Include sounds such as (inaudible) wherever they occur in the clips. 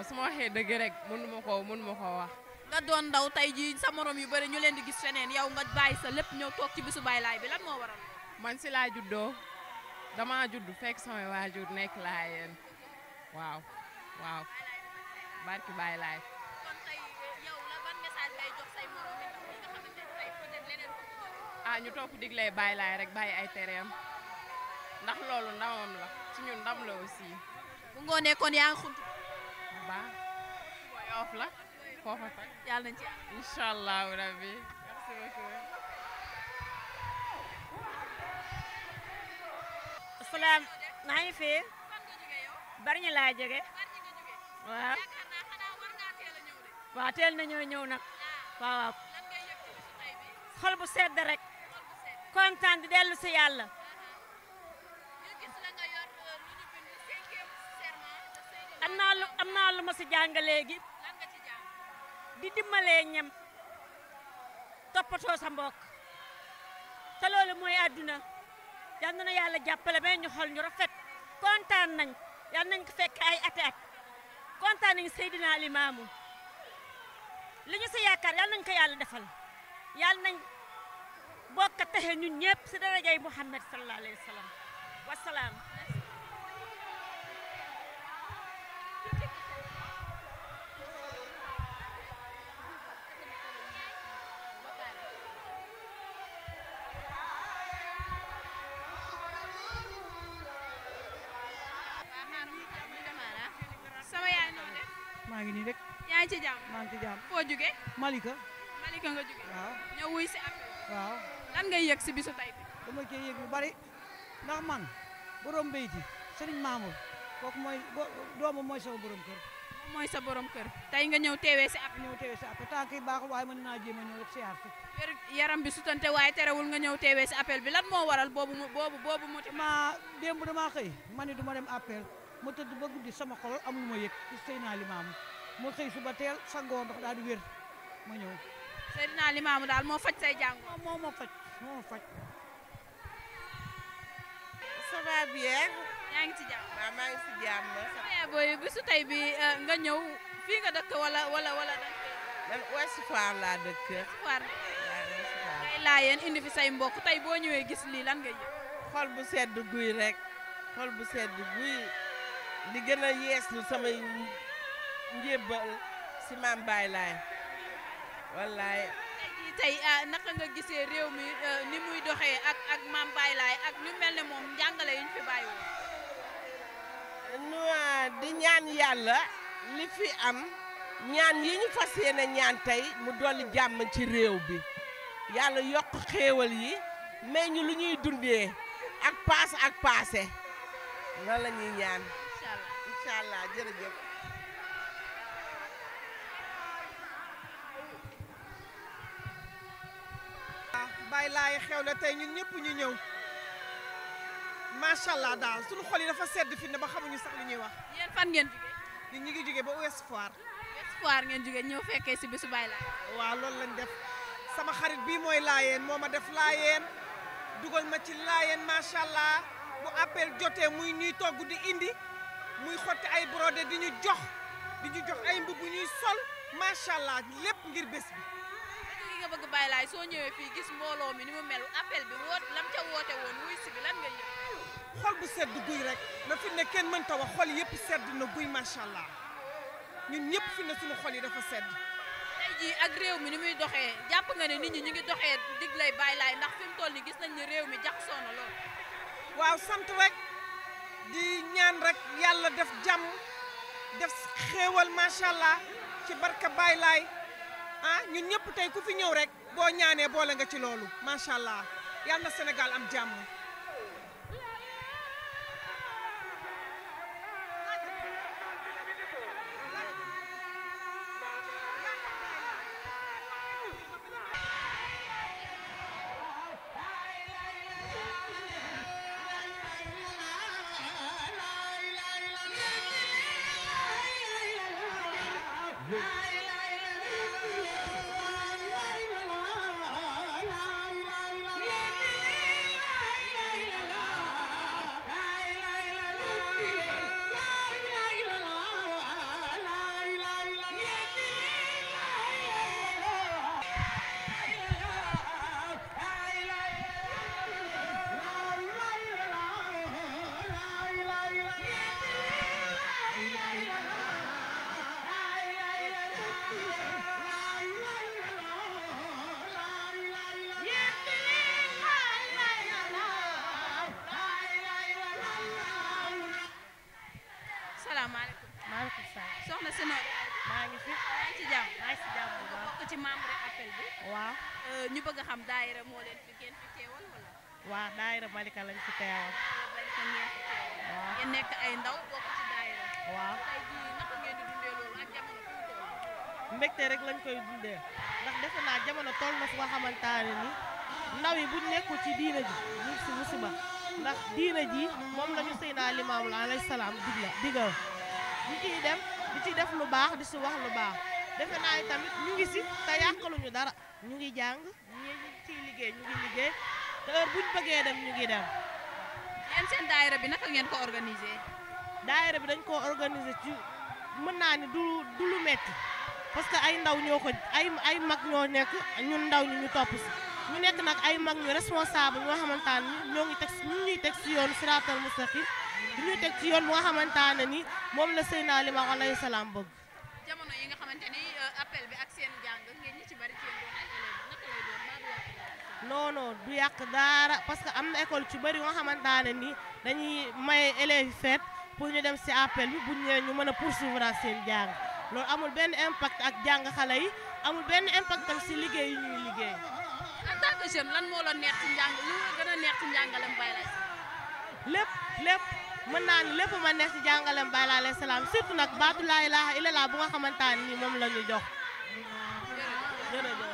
la su ma waxee dëgg rek mënu ma koo mënuma koo wax. nga doon ndaw tey jii sa morom yu bëri ñu leen di gis feneen yow nga bàyyi sa lépp ñëw toog ci bisu bàyyi laay bi lan moo waral. man si laa juddoo damaa judd fekk samay waajur nekk laa yéen waaw waaw barki bàyyi ah ñu topp diglay bàyyi laay rek bàyyi ay tereem ndax loolu ndamam la ci ñun ndam la aussi. bu ngoonee kon yaa ngi xuntu. baax booy off la foofa sax yàlla nañ ci incha allahu fi bari laa jóge waaw teel na ñoo ñëw nag waaw waaw xol bu sedd rek kontaan di dellu si yàlla yàlla ma si jàng léegi lan di dimbalee ñam toppatoo sa mbokk te loolu mooy àdduna yal na yàlla jàppale ba ñu xol ñu rafet kontaan nañ yal nañ ko fekk ay ati at kontaan nañ Seydina Limaamu li ñu sa yaakaar yal nañ ko yàlla defal yal nañ bokk texe ñun Muhammad sallallahu alayhi Wasallam. wassalam Malika. Malika nga jogé waaw ñëw wuy ci am waaw lan ngay yegg ci bisu tay bi. dama cee yegg lu bari ndax man borom beyti Serigne Mamour kok moy doomu moy sama borom kër. moy sa borom kër tay nga ñew téwé ci appel. ñew téwé ci appel tànk kay baax waaye mën na jéem a ci yar siyaar si. yaram bi sutante waaye terewul nga ñew téwé ci appel bi lan mo waral bobu bobu boobu mu. ma dembu dama xey ma duma dem appel ma tudd ba guddi sama xol amu ma yëg ci seyna limam mo xey su suba teel sa ngoon ndox daal di wër ma ñëw. Seydina Limaamu daal moo faj say jàngoro. moo ma faj moo ma faj. ça va bien. yaa ngi ci jàmm. waaw maa ngi ci jàmm. mais booy bisu tey bi euh, nga ñëw fii nga dëkk wala wala wala. man Ouest Foire laa dëkk. Ouest Foire. waaw laa yéen indi fi say mbokk tey boo ñëwee gis lii lan nga yëg. xol bu sedd guy rek. xol bu sedd guy li gën a yees lu samay njébbal si maam Baay Laay wallaay tey ah, naka nga gisee réew mi euh, ni muy doxee ak ak maam Baye Laye ak ñu mel ne moom njàngale yi ñu fi bàyyi woon euh, di ñaan yàlla li fi am ñaan yi ñu fas yéene ñaan tey mu dolli jàmm ci réew bi yàlla yokk xéewal yi may ñu lu ñuy dundee ak paas ak paase lan la ñaan Baye Laye xew la tey ñun ñëpp ñu ñëw macha allah daal suñu xol yi dafa sedd fi ne ba xamuñu sax li ñuy wax. yéen fan ngeen jugee. ñun ñu ngi jugee ba Ouest Foire. Ouest Foire ngeen jugee ñëw fekkee si bisu Baye Laye. waaw loolu lañu def sama xarit bii mooy laayeen moo ma def laayeen dugal ma ci laayeen macha allah bu appel jotee muy ñuy togg di indi muy xotti ay brodé di ñu jox di ñu jox ay mbubb ñuy sol macha allah lépp ngir bés bi. bëgg Baye Laye soo ñëwee fii gis mbooloo mi ni mu mel appel bi woot lam ca woote woon wuy si bi lan nga yëg xol bu sedd guy rek na fi kenn mënta wax xol yëpp sedd na guy macha allah ñun ñëpp fi xol yi dafa sedd tey jii ak réew mi ni muy doxee jàpp nga ne nit ñi ñu ngi doxee dig lay Baye Laye ndax fi toll ni gis nañ ne réew mi jaxasoo na lool waaw sant rek di ñaan rek yàlla def jàmm def xéewal macha ci barka Baye Laye ah ñun ñëpp tey ku fi ñëw rek boo ñaanee boole nga ci loolu macha allah yal Sénégal am jàmm. bëgg a xam daayira Malika lañ fi ay ndaw bokk ci daayira. waaw rek lañ koy dundee ndax defe naa jamono toll na fu nga xamante ne ni ndaw yi buñ nekkul ci diina ji ñu si musiba ndax diina ji moom la ñu Seydina Limaamu alayhi salaam digla digal ñu dem di ci def lu baax di si wax lu baax defe naa tamit ñu ngi si te yàqaluñu dara. ñu ngi jàng ñi ciy liggéey ñu ngi liggéey te heure buñ bëggee dem ñu ngi dem. yéen seen daayira bi naka ngeen ko organiser. daayira bi dañ koo organiser ci mën naa ni du du metti parce que ay ndaw ñoo ko ay ay mag ñoo nekk ñun ndaw ñi ñu topp si ñu nekk nag ay mag ñu responsable ñoo xamantaan ni ñoo ngi teg ñu ñuy teg si yoon siraatal mustaqim du ñuy teg ci yoon bu nga xamantaan ne ni moom la Seydina Limaamu alayhi salaam bëgg. jamono yi nga xamante ni euh, appel bi ak seen non du yak dara parce que amna école ci bari nga xamantane ni dañuy may élève fête pour ñu dem ci appel bu ñu ñu mëna poursuivre seen jang lool amul ben impact ak jang xalé yi amul ben impact tam ci liggéey yi ñuy liggéey. en tant que jeune lan mo la neex ci jang lu gën a neex ci jangalam bay la lepp lepp mën naa ni lépp ma neex ci jangalam bay la alayhi salam surtout nak baatu la ilaha illallah bu nga xamantane ni mom lañu jox jërëjëf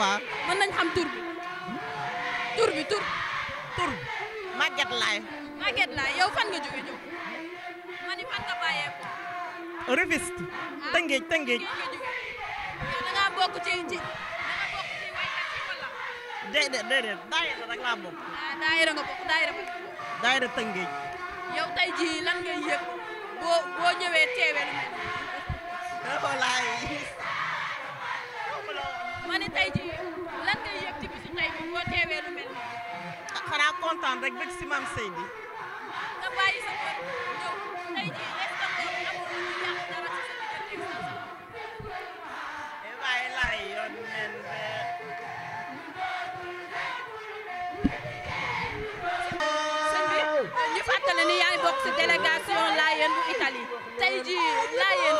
Moustapha. mën nañ xam tur bi tur bi tur. tur Maguette Laye. Maguette Laye yow fan nga jóge jóg ma ni fan nga bàyyee ko. Rufisque. Ah. Tëngéej Tëngéej. yow da ngaa bokk ci ci. déedéet déedéet daayira rek laa bokk. ah daayira nga bokk daayira ba. daayira Tëngéej. yow tey jii lan ngay yëg boo boo ñëwee teewee lu mel. Oh, ma ne tey jii lan ngay yëg ci bisu tey bi boo teewee lu mel nii. ah xanaa kontaan rek bëgg si maam Seydi. nga bàyyi sa kër ñëw tey jii est ce que loolu amul lu yàq dara ci sa diggante sa soxna. Eh, waaye laay yoon nen ni yaay bokk si délégation Layeen bu Italie tey jii Layeen.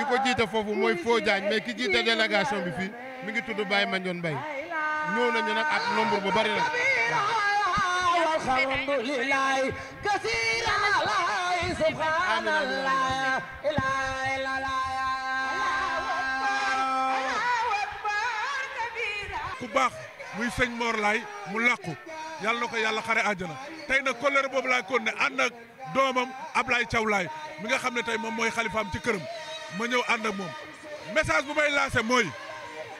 ki ko jiite foofu mooy Fodé Diagne ki jiite délégation bi mi ngi tudd Baye Mandione Mbaye ñëw nañu ak nombre bu bari ku baax muy sëñ Mor Laay mu làqu yàlla na ko yàlla xare àjjana tey nag kóllëre boobu laay kon ne ànd ak doomam Ablaye Thiaw Laay nga xam ne tey moom mooy xalifaam ci këram ma ñëw ànd ak moom message bu may lancé mooy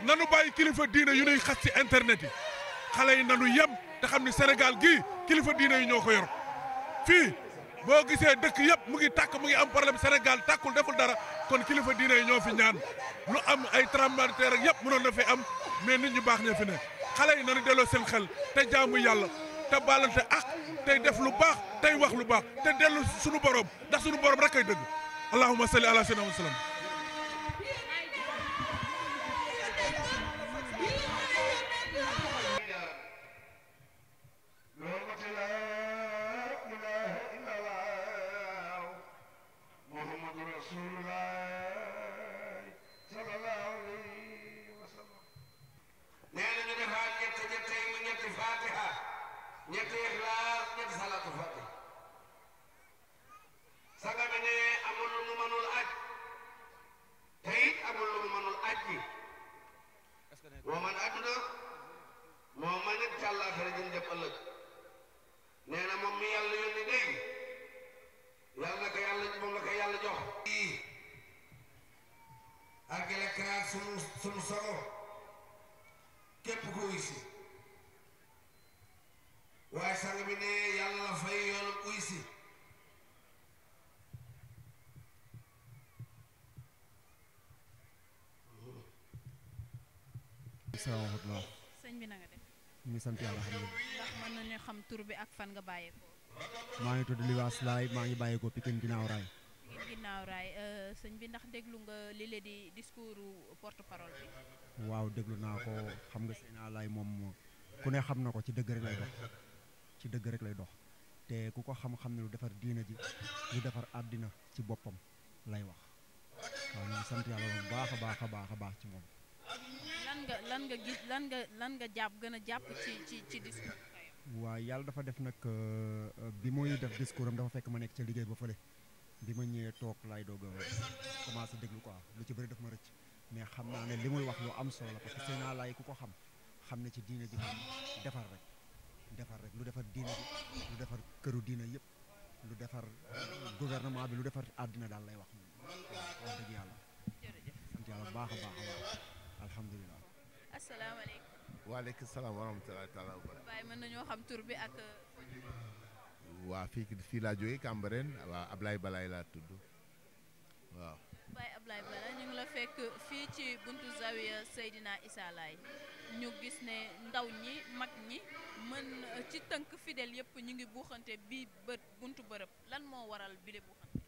nanu bàyyi kilifa diine yu ci internet yi xale yi nanu yem te xam ni Sénégal kilifa diine yi ñoo yor fii boo gisee dëkk yëpp mu ngi mu ngi am problème deful dara kon kilifa diine yi ñoo ñaan lu am ay tremblements rek yëpp na fi am mais nit ñu baax ñoo ne xale yi nanu delloo seen xel te jaamu yàlla te baalante ak def lu wax lu te dellu suñu borom ndax suñu borom rek kay allahumma salli ala sayyidina wa sallam waaw. sëñ bi na nga def. ñu ngi sant yàlla xam ndax mën tur bi ak fan nga bàyyeekoo. maa ngi tudd Libaas Laay maa ngi bàyyeekoo Pikine ginnaaw raay. Pikine ginnaaw raay euh, sëñ bi ndax déglu nga li di discours porte parole bi. waaw déglu naa ko xam nga seen laay moom ku ne xam na ko ci dëgg rek lay dox ci dëgg rek lay dox te ku ko xam-xam ne lu defar diina ji lu defar àddina ci boppam lay wax waaw ñu ngi sant yàlla bu baax a baax a baax a baax ci moom. lan nga lan nga lan nga jàpp gën a jàpp ci ci ci discours yàlla dafa def nag bi muy def discours am dafa fekk ma nekk ca liggéey ba fële bi ma ñëwee toog laay doog a commencé déglu quoi lu ci bëri daf ma rëcc mais xam naa ne li muy wax lu am solo la parce que seen ku ko xam xam ne ci diina ji moom defar rek defar rek lu defar diine bi lu defar këru diina yëpp lu defar gouvernement bi lu defar àddina daal lay wax moom wax dëgg yàlla sant yàlla baax a baax a baax alhamdulilah asalaamaaleykum. waaleykum salaam wa rahmatulah taala wa barakatuh. Baye mën nañoo xam tur bi ak. waa fii fii laa jógee Cambérène waa Ablaye Balaye laa tudd waaw. Baye Ablaye Balaye ñu ngi la fekk fii ci buntu Zawiya sayidina Issa Laye ñu gis ne ndaw ñi mag ñi mën ci tënk fidèle yëpp ñu ngi buuxante bi buntu bërëb lan moo waral bile buuxante.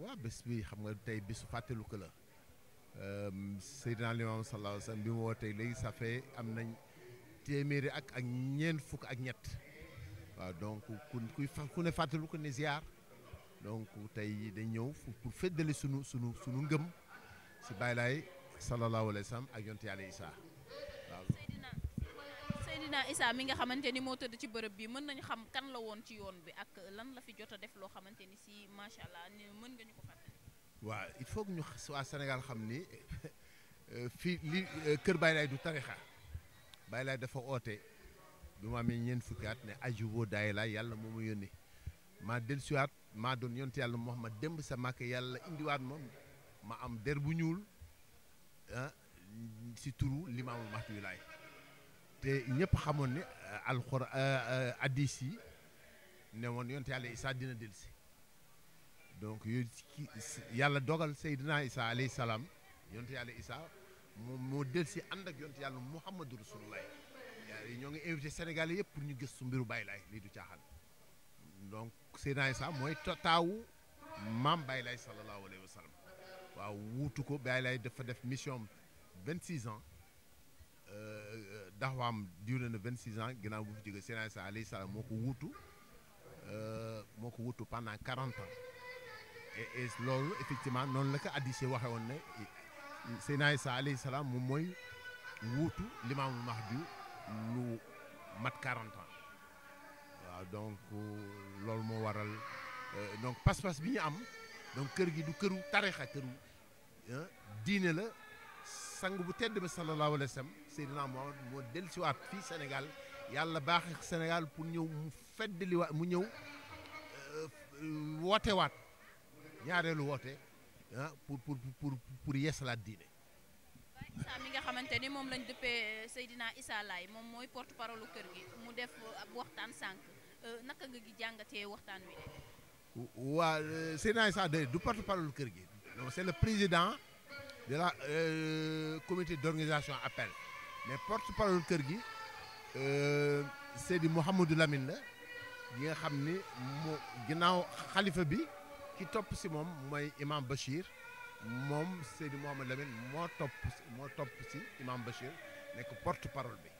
waa bés bi xam nga tey bésu fàttaliku la. Ehm, Seydina Limaamu sallallahu alayhi bi mu wootee léegi ça am nañ téeméeri ak ak ñeent fukk ak ñett waaw donc ku kuy ku ne fàttali ne ziar donc tey dañ ñëw pour feddali sunu sunu sunu ngëm si Baay Laay sallallahu alayhi wa ak yonent Yàlla Isaa mi nga xamante ni moo tëdd ci bërëb bi mën nañu xam kan la woon ci yoon bi ak lan la fi jot a def loo xamante ni si macha allah mën nga ñu ko fàttali. waaw il faut que ñu waa Sénégal xam ni fii li kër Baye Laye du tarixa Baye Laye dafa oote bi ma amee ñeent fukki at ne ajubo daay la yàlla moo ma yónni maa dellusiwaat maa doon yonte yàlla Muhammad démb sa màkk yàlla indiwaat ma ma am der bu ñuul ah si turu limaamul Mahdi Laay te ñëpp xamoon ne alxor addis yi ne woon yont yàlla Isaa dina dellusi donc yooyu yàlla dogal Seydina Isa alayhi salaam yontu yàlla Isa moom moo del si ànd ak yontu yàlla Muhammadu Rasulullah ñoo ngi invité Sénégalais yëpp pour ñu gëstu mbiru Baye Laye lii du caaxaan donc Seydina Isa mooy taawu maam Baye lay sallallahu alayhi wa waaw wuutu ko Baye lay dafa def mission vingt six ans euh, euh, daxwaam duré na vingt six ginnaaw bu fi jógee Seydina Isa alayhi salaam moo ko wuutu euh, moo ko wuutu pendant quarante ans et effectivement non la ko waxe c'est ne alayhi salam, Mahdi mat 40 ans donc passe mo waral euh, donc pas pass bi am donc kër gi du tarixa hein la sang bu tedd ba sallallahu alayhi C'est mo Sénégal yalla C'est Sénégal pour nous mu de euh, woté ñaareelu woote ah pour pour pour pour la diine. Issa mi nga xamante ni moom lañ dëppee Seydina Issa Laye moom mooy porte parole kër gi mu def ab waxtaan sànq euh, naka nga gi jàngatee waxtaan wi de. waa Seydina Issa de du porte parole kër gi non c'est le président de la euh, comité d'organisation appel mais porte parole kër gi euh, Seydi Mouhamadou Lamine la yi nga xam ni mu ginnaaw xalifa bi ki top si moom mooy imam Bachir moom Seydi Mohamed Lamine moo top moo top si imam Bachir nekk porte parole bi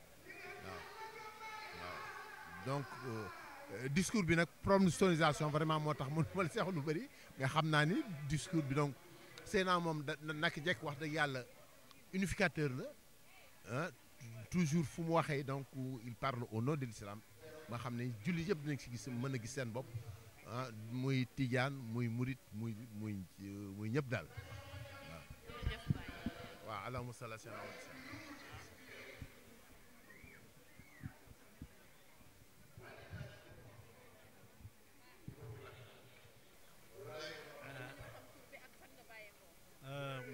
donc euh, euh, discours bi nak promotionnisation vraiment moo tax mënu (laughs) ma la seex lu bari mais xamna ni discours bi donc c'est na mom nak jekk wax de yalla unificateur la ah toujours fu mu waxee donc il parle au nom de l'islam ma xamné julli yeb dinañ ci gis meuna a gis seen bopp muy tijaan muy murit muy muy muy ñëpp daal waaw ala sayyidina Muhammad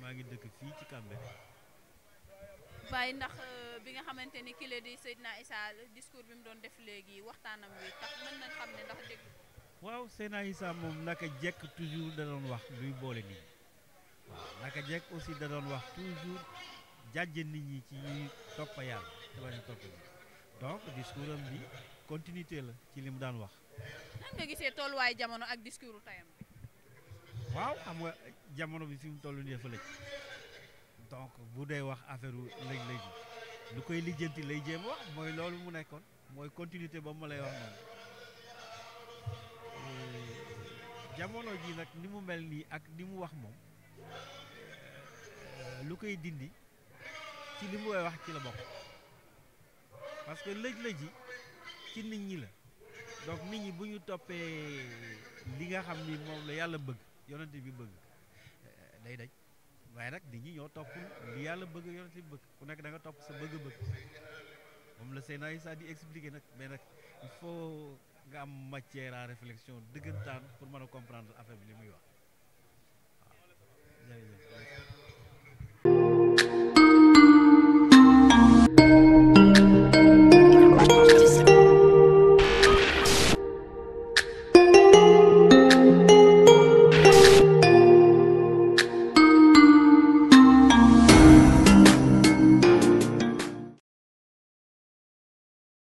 maa ngi tudd bàyyi ndax euh, bi nga xamante ni kii la di naa Issa discours bi mu doon def léegi waxtaanam wi tax mën nañ xam ne ndax dégg waaw Seydina Issa moom naka jekk toujours da doon wax luy boole nit ñi waaw naka jekk aussi da doon wax toujours jàjje nit ñi ci ñuy toppa yàlla te bañ a topp nit donc discours bi continuité la ci li mu daan wax. nan nga gisee tolluwaay jamono ak discours tayam bi. waaw xam nga jamono bi fi mu toll dafa lëj donc bu dee wax affaire léegi léegi lu koy lijjanti lay jéem wax mooy loolu mu nekkoon mooy continuité ba mu lay wax noonu euh, jamono ji nag ni mu mel nii ak ni mu wax moom euh, lu koy dindi ci li mu koy wax ci la bokk parce que lëj-lëj yi ci nit ñi la donc nit ñi bu ñu toppee li nga xam ni moom la yàlla bëgg yonent bi bëgg euh, day daj waaye nag di ñi ñoo topp li yàlla bëgg yonent bi bëgg ku nekk da nga topp sa bëgg-bëgg moom la Seydina Issa di expliquer nag mais nag il faut nga am matière à réflexion dëggantaan pour mën a comprendre affaire bi li muy wax waaw